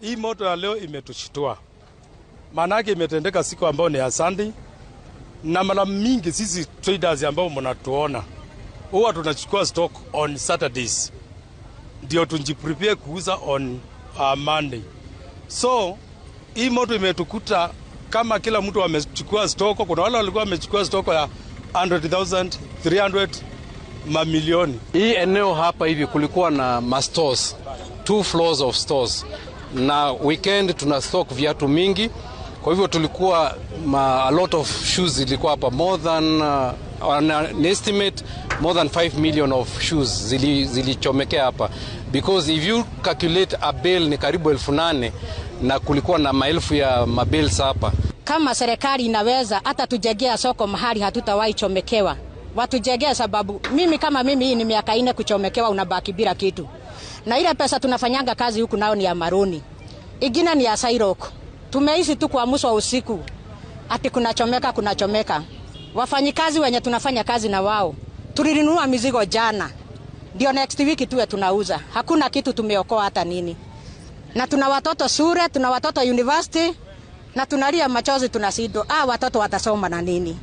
Hii moto ya leo imetushitua, maanake imetendeka siku ambayo ni ya Sunday, na mara mingi sisi traders ambao mnatuona huwa tunachukua stock on Saturdays ndio tujiprepare kuuza on uh, Monday. So hii moto imetukuta kama kila mtu amechukua stock. Kuna wale walikuwa wamechukua stock ya 100,000, 300 mamilioni. Hii eneo hapa hivi kulikuwa na mastores, two floors of stores na weekend tuna stock viatu mingi, kwa hivyo tulikuwa ma, a lot of shoes zilikuwa hapa more than uh, an, an estimate more than 5 million of shoes zilichomekea zili hapa because if you calculate a bill ni karibu elfu nane na kulikuwa na maelfu ya mabills hapa. Kama serikali inaweza hata tujegea soko mahali hatutawahi chomekewa, watujegea sababu mimi kama mimi hii ni miaka ine kuchomekewa, unabaki bila kitu na ile pesa tunafanyanga kazi huku nao ni ya maruni, ingine ni ya sairoko. Tumeishi tu kuamshwa usiku ati kunachomeka kunachomeka. Wafanyikazi wenye tunafanya kazi na wao tulinunua mizigo jana, ndio next week tuwe tunauza. Hakuna kitu tumeokoa hata nini, na tuna watoto shule, tuna watoto university na tunalia machozi, tunashindwa ah, watoto watasoma na nini?